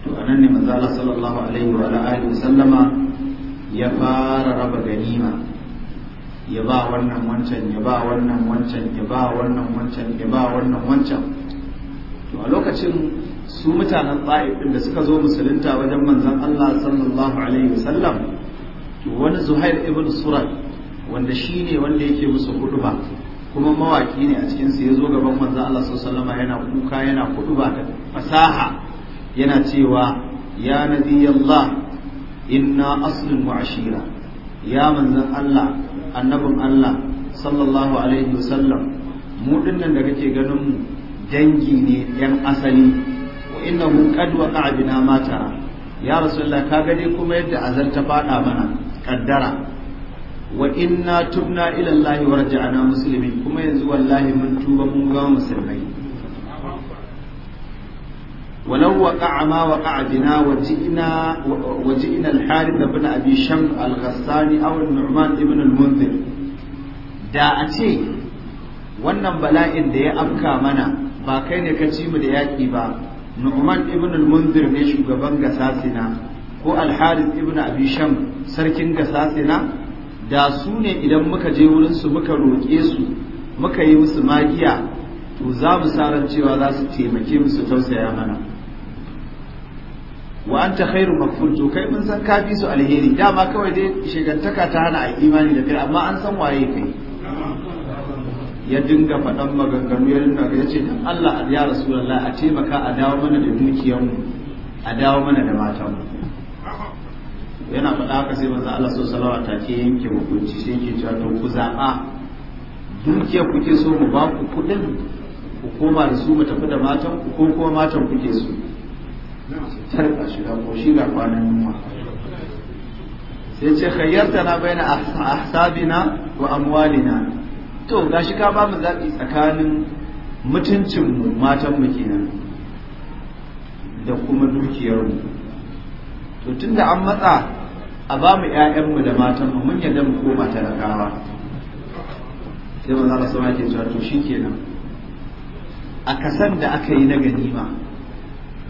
to a nan ne manzala sallallahu alaihi wa alihi sallama ya fara raba ganima ya ba wannan wancan ya ba wannan wancan ya ba wannan wancan ya ba wannan wancan to a lokacin su mutanen ta'if ɗin da suka zo musulunta wajen manzon Allah sallallahu alaihi wasallam wani Zuhair ibn Surat wanda shi ne wanda yake musu ba, kuma mawaki ne a cikinsu ya zo gaban manzon Allah sallallahu alaihi yana kuka yana ba da fasaha yana cewa ya nabiyallah inna aslun wa ashira ya manzon Allah annabin Allah sallallahu alaihi wasallam mu dinnan da kake ganin mu dangi ne yan asali wa innahu qad waqa'a bina mata? ya rasulullah ka gade kuma yadda azar ta fada mana kaddara wa inna tubna ila Allah wa raja'na muslimin kuma yanzu wallahi mun tuba mun ga musulmai ولو وقع ما وقع بنا وجئنا وجئنا الحارث بن ابي شمس الغساني او النعمان بن المنذر da a ce wannan bala'in da ya afka mana ba kai ne ka ci mu da yaƙi ba nu'man ibn al-munzir ne shugaban gasasina ko al-harith ibn abi sham sarkin gasasina da su ne idan muka je wurin su muka roƙe su muka yi musu magiya to za mu saran cewa za su taimake musu tausaya mana wa anta khairu maghfur to kai mun san kafi su alheri dama kawai dai shegantaka ta hana a imani da kai amma an san waye kai ya dinga faɗan maganganu ya dinga ya ce dan Allah ya Rasulullah a taimaka a dawo mana da dukiyarmu a dawo mana da matanmu yana faɗa haka sai manzo Allah sallallahu alaihi wasallam ce yanke hukunci sai ke cewa to ku zaɓa dukiyar kuke so mu ba ku kuɗin ku koma da su mu tafi da matan ku ko kuma matan kuke so tarka shi da ko shi ga kwanan mu. sai ce khayyartana baina ahsabina wa amwalina to shi ka ba mu zaɓi tsakanin mutuncinmu matanmu kenan da kuma dukiyarmu to tun da an matsa a ba mu ‘ya'yanmu da matanmu mun yadda mu koma talakawa sai maza da sama ke cewa to shi kenan a kasan da aka yi na ganima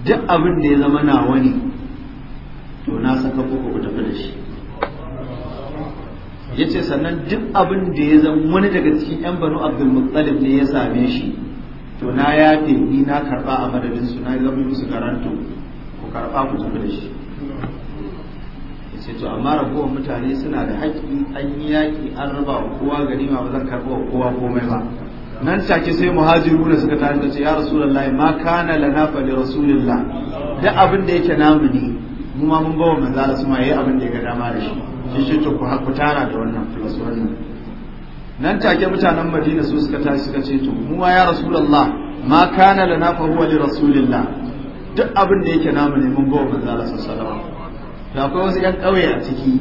duk abin da ya zama nawa ne to na saka ku ku tafi da shi yace sannan duk abin da ya zama wani daga cikin yan banu abdul muttalib ne ya same shi to na yafe ni na karba a madadin su na zama musu karanto ku karba ku tafi da shi yace to amma ragowar mutane suna da haƙƙi an yi yaƙi an raba wa kowa ma ba zan karba wa kowa komai ba nan take sai muhajiru da suka tare da ce ya rasulullahi ma kana lana fa li rasulillah duk abin da yake namu ne mu ma mun bawa manzo Allah su ma yayi abin da ya ga dama da shi shi shi to ku tara da wannan plus wannan nan take mutanen madina su suka tashi suka ce to mu ya rasulullah ma kana lana fa huwa li rasulillah duk abin da yake namu ne mun bawa manzo Allah sallallahu alaihi wasallam akwai wasu yan kauye a ciki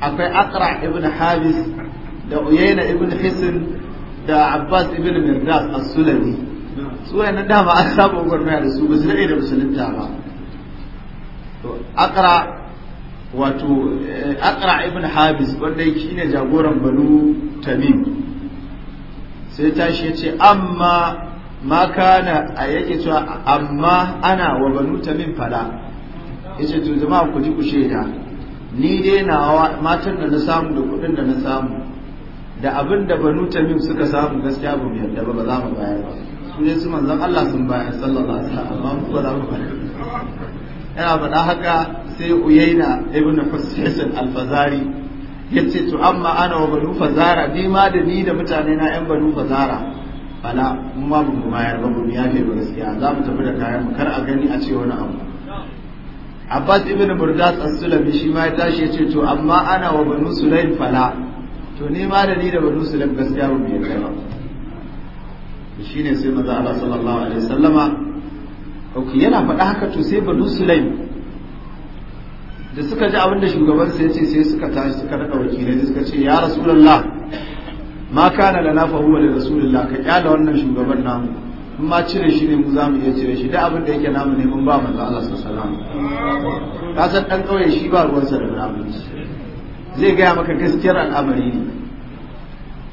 akwai aqra ibn habis da uyayna ibn hisn da abbas ibn mirdas as-sulami su wayannan dama an saba gwamnati da su ba su da musulunta ba to aqra wato eh, akra ibn habis wanda yake ne jagoran banu tamim sai tashi ya ce amma ma kana a yake cewa amma ana wa banu tamim fada ya ce to jama'a ku ji ku shaida ni dai na matan da na samu da kuɗin da na samu da abin da banu tamim suka samu gaskiya ba mu yarda ba ba za mu bayar ba su ne su manzon Allah sun bayar sallallahu alaihi wasallam amma mu ba za mu bayar yana faɗa haka sai uyaina ibn husayn al-fazari yace to amma ana wa banu fazara ni ma da ni da mutane na yan banu fazara bala mu ma mu bayar ba mu ya ba gaskiya za mu tafi da kayan mu kar a gani a ce wani abu Abbas ibn Burdas as-Sulami shi ma ya tashi yace to amma ana wa banu Sulaim fala to ni ma da ni da banu Sulaim gaskiya mu biye kai ba ne sai maza Allah sallallahu alaihi wasallama okay yana faɗa haka to sai banu Sulaim da suka ji abinda da shugaban sai ce sai suka tashi suka rada wakilai da suka ce ya rasulullah ma kana da na fahuwa da rasulullah ka kyala wannan shugaban namu in ma cire shi ne mu za mu iya cire shi da abin da yake namu ne mun ba da Allah sallallahu alaihi ka san dan kauye shi ba ruwansa da abinci zai gaya maka gaskiyar al'amari ne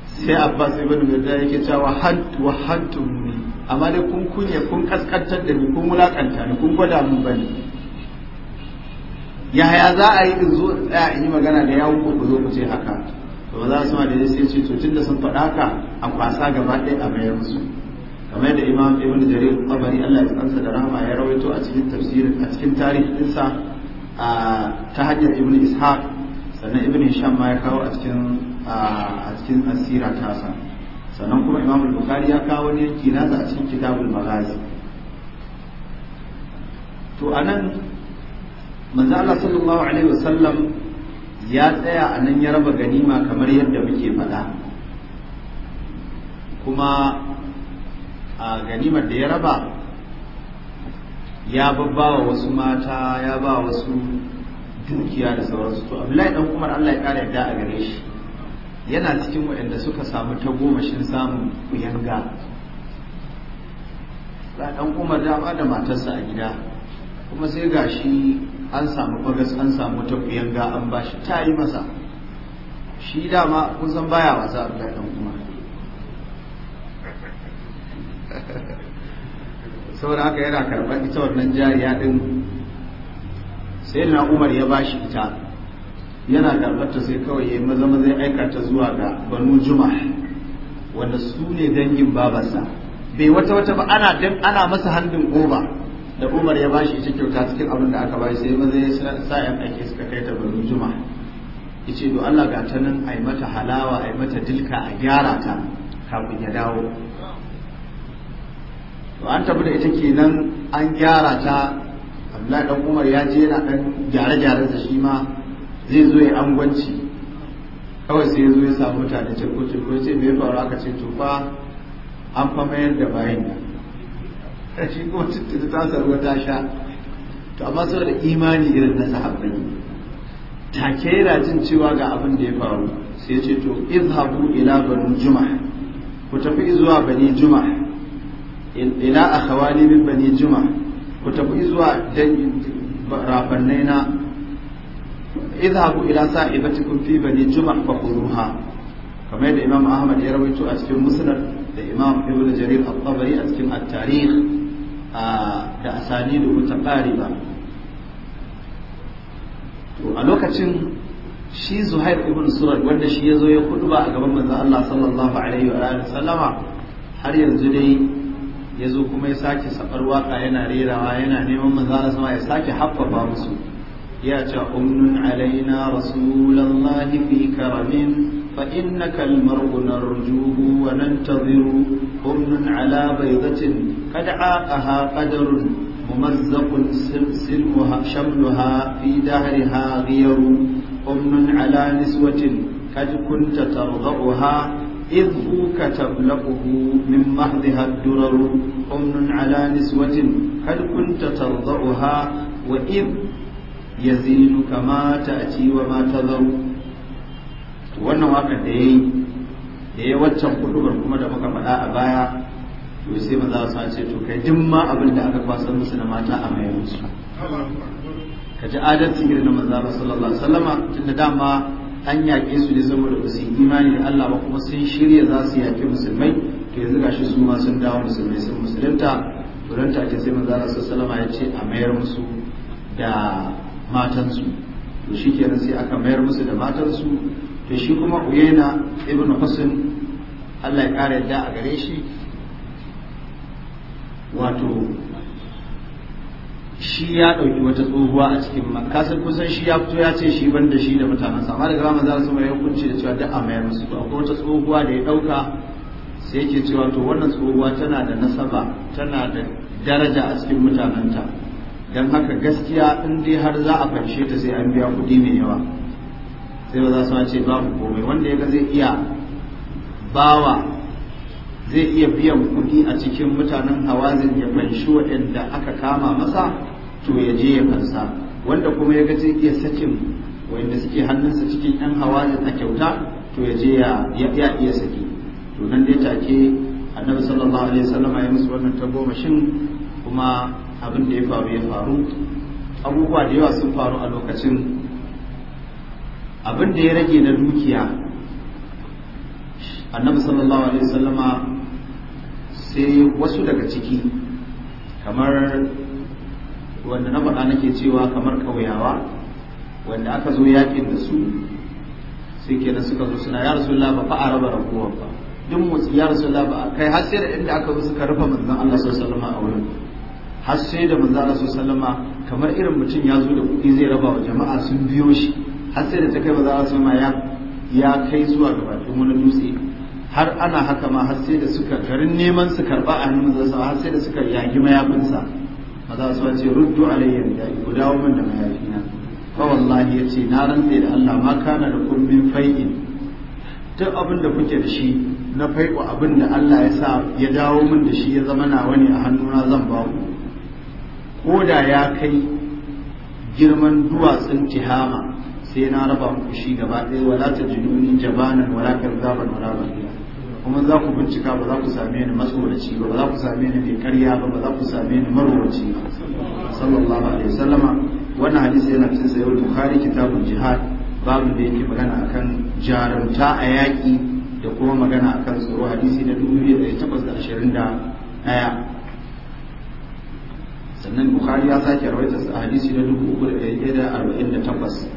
sai Abbas ibn Mirda yake cewa had wa amma dai kun kunya kun kaskantar da ni kun mulakanta ni kun gwada mun bane yaya za a yi in zo in in yi magana da yawun ko zo ku ce haka to ba za su ma da sai ce tun da sun faɗa ka a kwasa gaba ɗaya a bayan su kamar da imam ibn jarir tabari Allah ya tsansa da rahama ya rawaito a cikin tafsirin a cikin tarihinsa ta hanyar ibn ishaq sannan ibn hisham ma ya kawo a cikin a cikin asira tasa sannan kuma imam bukari ya kawo wani yanki nasa a cikin kitabul magazi to anan manzo Allah sallallahu alaihi wasallam ya tsaya a nan ya raba ganima kamar yadda muke faɗa kuma a ganimar da ya raba ya babbawa wasu mata ya ba wasu dukiya da sauransu to Abdullahi dan Umar Allah ya kare yadda a gare shi yana cikin waɗanda suka samu ta goma tagomashin samun kuyanga ɗan umar dama da matarsa a gida kuma sai gashi an samu kwagas, an samu ta kuyanga an bashi ta yi masa shi dama kusan baya wasa a dan kuma saboda haka yana karɓar ita wannan jariya din sai na umar ya shi ita yana karɓar ta sai kawai ya maza maza ya zuwa ga banu juma wanda su ne dangin babarsa bai wata wata ba ana masa handin goba da umar ya ba shi ita kyauta cikin abin da aka bashi sai maza ya sa yan ake suka kai ta bari juma ya ce do Allah ga ta nan a yi mata halawa a yi mata dilka a gyara ta kafin ya dawo to an tafi da ita ke nan an gyara ta Abdullahi dan Umar ya je yana dan gyare-gyare da shi ma zai zo ya angwanci kawai sai ya zo ya samu mutane cikin ko ce sai faru aka ce tufa an fa mayar da bayan nan shi kuma da ta sarwa ta sha to amma da imani irin na sahabbai ta yana jin cewa ga abin da ya faru sai ce to izhabu ila bani juma'a ku tafi zuwa bani juma'a ila akhawani bin bani juma'a ku tafi zuwa rafannai na izhabu ila sa'ibatikum fi bani juma'a fa khuduha kamar yadda imam ahmad ya rawaito a cikin musnad da imam ibnu jarir al-tabari a cikin at-tarikh da asali da ba to a lokacin shi Zuhair ibn Surat wanda shi ya zo ya kudu ba a gaban manzan Allah sallallahu alaihi wa sallama har yanzu dai zo kuma ya sake sabar waka yana rerawa yana neman manzan Allah ya sake haffafa musu ya ce umnun alaina rasulullahi fi karamin فإنك المرء نرجوه وننتظر أمن على بيضة قد عاقها قدر ممزق سلمها شملها في دهرها غير أمن على نسوة قد كنت ترضعها إذ فوك تبلغه من محضها الدرر أمن على نسوة قد كنت ترضعها وإذ يزين كما تأتي وما تذر to wannan wakar da yayi da ya waccan kudubar kuma da muka faɗa a baya to sai maza su ce to kai duk ma abin da aka kwasan musu da mata a mai musu ka ji adalci irin na manzo sallallahu alaihi tun da dama an yaƙe su ne saboda ba su imani da Allah ba kuma sun shirya za su yaƙi musulmai to yanzu gashi su ma sun dawo musulmai sun musulunta wurin take sai manzo Allah sallallahu alaihi ya ce a mayar musu da matansu to shikenan sai aka mayar musu da matansu to shi kuma uyena ibn husn Allah ya kare da a gare shi wato shi ya ɗauki wata tsohuwa a cikin makasar kusan shi ya fito ya ce shi ban da shi da mutanen sa amma daga ba manzo sama ya hukunci da cewa duk a mayar musu to akwai wata tsohuwa da ya ɗauka sai yake cewa to wannan tsohuwa tana da nasaba tana da daraja a cikin mutanenta don haka gaskiya in dai har za a fanshe ta sai an biya kuɗi mai yawa sai ba za su ce babu komai wanda ya ga zai iya bawa zai iya biyan kuɗi a cikin mutanen hawazin ya fanshi waɗanda aka kama masa to ya je ya fansa wanda kuma ya ga zai iya sakin waɗanda suke hannunsa cikin 'yan hawazin a kyauta to ya je ya iya saki to nan dai take annabi sallallahu alaihi wasallam ya musu wannan tagomashin kuma abin da ya faru ya faru abubuwa da yawa sun faru a lokacin abin da ya rage na dukiya annabi sallallahu alaihi wasallama sai wasu daga ciki kamar wanda na faɗa nake cewa kamar kauyawa wanda aka zo yakin da su sai kenan suka zo suna ya rasu ba fa a raba raguwar ba duk motsi ya rasu ba kai har sai da inda aka zo suka rufe manzan Allah sallallahu alaihi a wurin har sai da manzan Allah sallallahu alaihi kamar irin mutum ya zo da kuɗi zai raba wa jama'a sun biyo shi har sai da ta kai a ce ma ya kai zuwa ga bakin wani dutse har ana haka ma har sai da suka garin neman su karba a hannun zasa har sai da suka yaki mayafinsa Ba za su wace ruddu alayyan da ku dawo min da mayafina fa wallahi ya ce na rantse da Allah ma kana da kun min fai'in duk abin da kuke da shi na fai'u abin da Allah ya sa ya dawo min da shi ya zama nawa ne a hannuna zan ba ku ko da ya kai girman duwatsun tihama sai na raba muku shi gaba ɗaya wala ta jinuni jabanan wala karzaban wala bariya kuma za ku bincika ba za ku same ni matsoraci ba ba za ku same ni mai karya ba ba za ku same ni marwaci ba sallallahu alaihi wasallama wannan hadisi yana cikin sayyid bukhari kitabul jihad babu da yake magana akan jarumta a yaƙi da kuma magana akan tsoro hadisi na 2821 sannan bukhari ya sake rawaita hadisi na 3148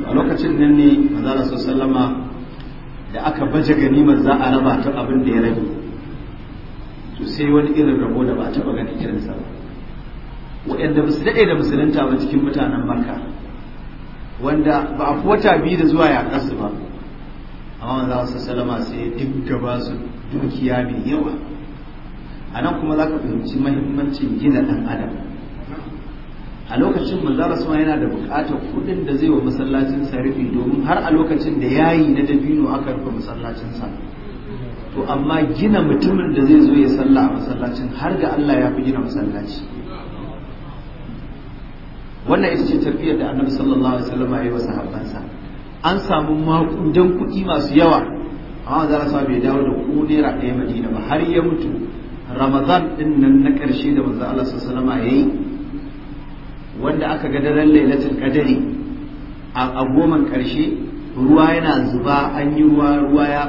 a lokacin nan ne manzala sun sallama da aka baje ganimar za a raba ta abin da ya rage to sai wani irin rabo da ba taɓa ganin irinsa ba waɗanda su daɗe da musulunta ba cikin mutanen makka wanda ba a wata biyu da zuwa ya yaƙarsu ba amma manzala sun sallama sai dinga ba su dukiya mai yawa a nan kuma za ka fahimci mahimmancin gina ɗan adam a lokacin manzara sama yana da bukatar kudin da zai wa masallacin sarifi domin har a lokacin da yayi na dabino aka rufe masallacinsa to amma gina mutumin da zai zo ya salla a masallacin har ga Allah ya fi gina masallaci wannan ita ce tafiyar da annabi sallallahu alaihi wasallam ya yi wa sahabbansa an samu makudan kuɗi masu yawa amma za a bai dawo da ko naira ɗaya madina ba har ya mutu ramadan ɗin nan na ƙarshe da manzo Allah sallallahu alaihi wasallam ya yi wanda aka ga daren lailatul qadari a goman karshe ruwa yana zuba an yi ruwa ruwa ya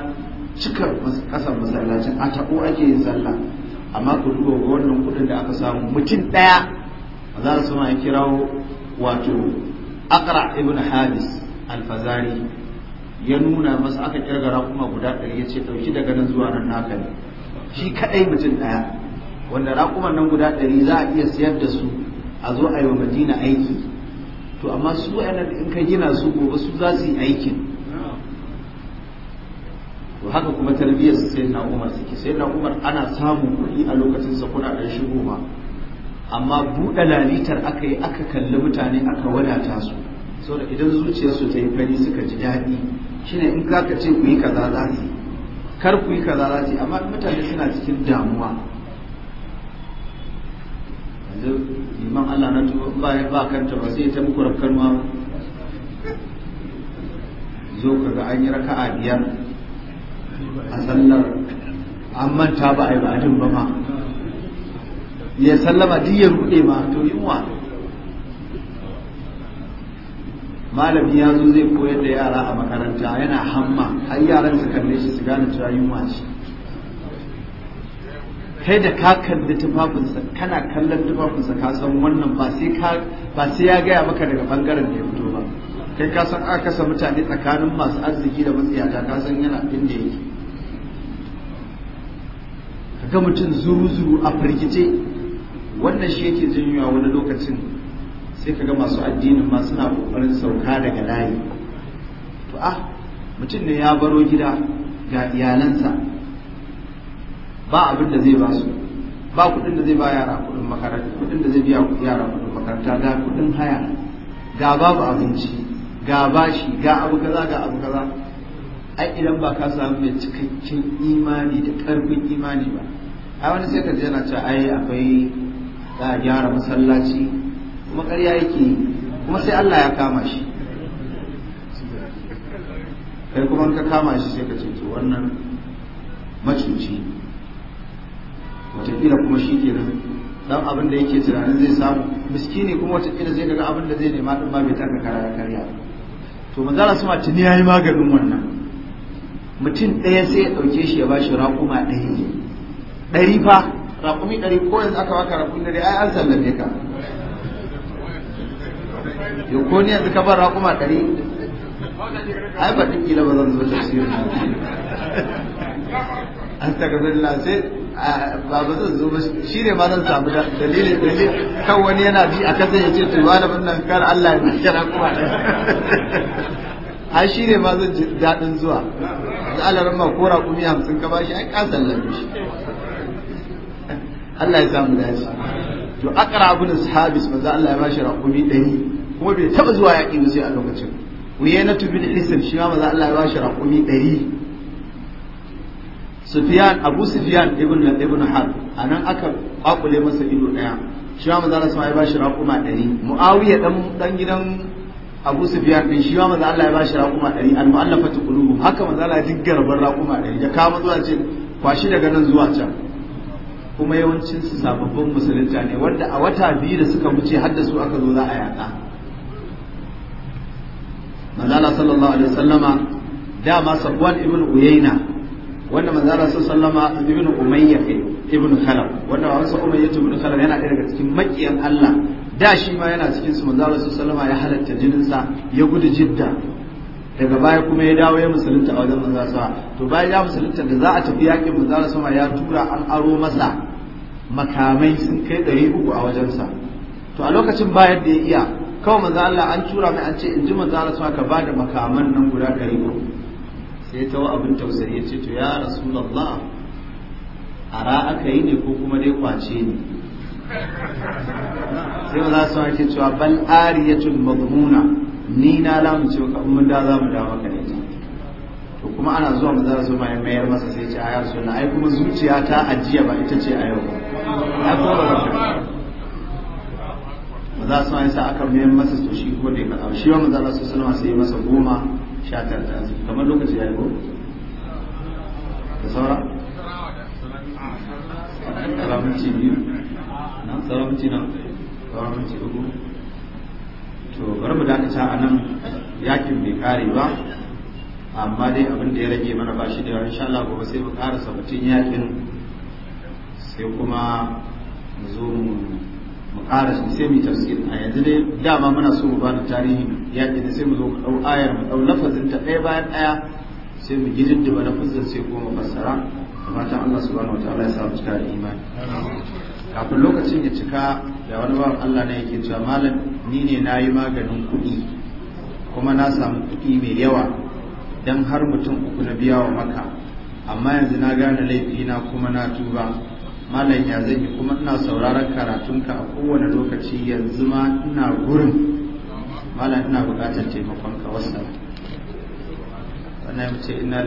cika kasar masallacin a tabo ake yin sallah amma ku duba wannan kudin da aka samu mutum daya za su ma kirawo wato akra ibn habis Al-Fazari ya nuna masa aka kirgara kuma guda ɗari ya ce ɗauki daga nan zuwa nan naka ne shi kaɗai mutum ɗaya wanda raƙuman nan guda ɗari za a iya siyar da su a zo a yi wa madina aiki to amma su wayanar in ka gina su gobe su za su yi aikin to haka kuma tarbiyyar su sai na umar suke sai na umar ana samun kuɗi a lokacin sa kuna ɗan shigowa amma buɗe lalitar aka yi aka kalli mutane aka wadata su saboda idan zuciyarsu ta yi fari suka ji daɗi shine in ka ce ku yi kaza za su kar ku yi kaza za su amma mutane suna cikin damuwa yanzu liman Allah na tuba ba ya ba kan ba sai ta muku rakkar ma zo ka ga an yi raka'a biyar a sallar an manta ba a yi ba'adin ba ma ya sallama duk ya rude ma to yunwa malami ya zo zai koyar da yara a makaranta yana hamma har yaran su kalle shi su gane cewa yunwa ce kai da ka kalli tufafinsa kana kallon tufafinsa ka san wannan ba sai ya gaya maka daga bangaren da ya fito ba kai ka san aka kasa mutane tsakanin masu arziki da matsiyata ka san yana inda yake ka ga mutum zuru-zuru a firgice wannan shi yake janyowa wani lokacin sai ka ga masu addinin ma suna kokarin sauka daga layi to ah mutum ne ya baro gida ga iyalansa ba abin da zai ba su ba kuɗin da zai ba yara kuɗin makaranta kuɗin da zai biya yara kuɗin makaranta ga kuɗin haya ga babu abinci ga bashi ga abu kaza ga abu kaza ai idan ba ka samu mai cikakken imani da ƙarfin imani ba ai wani sai ka ji yana cewa ai akwai za a gyara masallaci kuma ƙarya yake kuma sai Allah ya kama shi kai kuma ka kama shi sai ka ce to wannan macuci wataƙila kuma shi ke nan dan abin da yake tunanin zai samu miskini kuma wataƙila zai daga abin da zai nema din ma bai taka kara karya to manzala sama tuni ya yi maganin wannan mutum ɗaya sai ya ɗauke shi ya bashi raƙuma ɗaya ɗari fa raƙumi ɗari ko yanzu aka baka raƙumi ɗari ai an sallame ka yau ko ne yanzu ka bar raƙuma ɗari ai ba ɗin ƙila ba zan zo tafsirin an takarfin sai ba ba zan zo ba shi ne ma zan samu dalilin dalil kan wani yana ji a kasa ya ce tuwa da wannan kar Allah ya kira kuma ai shi ne ma zan ji daɗin zuwa da alaran ma kora kumi hamsin ka bashi ai kasan lalle shi Allah ya samu da shi. to akra ibn sahabis manzo Allah ya bashi raƙumi ɗari kuma bai taɓa zuwa yaƙi ba sai a lokacin na bin isin shi ma manzo Allah ya bashi raƙumi ɗari Sufiyan Abu Sufiyan ibn ibn Har anan aka kwakule masa ido daya shi ma manzo Allah ya bashi raquma 100 Muawiya dan dan gidan Abu Sufyan din shi ma manzo Allah ya bashi raquma 100 al mu'allafatu qulubuhum haka manzo Allah ya jiggarban raquma 100 da kama zuwa ce kwashi daga nan zuwa can kuma yawancin su sababbin musulunta ne wanda a wata biyu da suka wuce har da su aka zo za a yaka manzo Allah sallallahu alaihi wasallama dama Safwan ibn Uyayna wanda sallallahu sun sallama ibn umayya ibn khalaf wanda wasu umayya ibn khalaf yana ɗaya daga cikin makiyan Allah da shi ma yana cikin su sallallahu sun sallama ya halatta jininsa ya gudu jidda daga baya kuma ya dawo ya musulunta a wajen manzo sama to bayan ya musulunta da za a tafi sallallahu alaihi wasallam ya tura an aro masa makamai sun kai ɗari uku a wajensa to a lokacin bayan da ya iya kawai manzo Allah an tura mai an ce in ji manzo Allah wasallam ka bada makaman nan guda ɗari uku sai ta abin tausayi ya ce to ya rasulullah ara aka yi ne ko kuma dai kwace ne sai ma za su ake cewa bal ariyatul madhmuna ni na lamu ce ka mun da za mu da maka ne to kuma ana zuwa mu zara su mai mayar masa sai ce ayar sunna ai kuma zuciya ta ajiya ba ita ce a yau ba za su yasa aka mayar masa to shi ko da ka kaɗa shi wa mu zara su sallama sai masa goma sha ta azumi kamar lokaci ya yi ko da saura sauran minti biyu nan sauran minti nan sauran minti uku to bari mu dakata a nan yakin bai kare ba amma dai abin da ya rage mana ba shi da yawa insha Allah gobe sai mu karasa mutum yakin sai kuma mu zo mu mu ne shi sai mu tafsir a yanzu dai dama muna so mu bani tarihi ya ce sai mu zo mu ɗau ayar mu dau lafazin ta ɗaya bayan ɗaya sai mu gididdiba lafazin sai kuma fassara ta Allah subhanahu wataala ya sa mu cika da imani kafin lokacin ya cika da wani bawan Allah ne yake cewa malam ni ne na yi maganin kuɗi kuma na samu kuɗi mai yawa dan har mutum uku na biya wa maka amma yanzu na gane laifi na kuma na tuba malam ya zai yi kuma ina sauraron karatunka a kowane lokaci yanzu ma ina gurin malam ina buƙatar taimakonka wasu wannan ce ina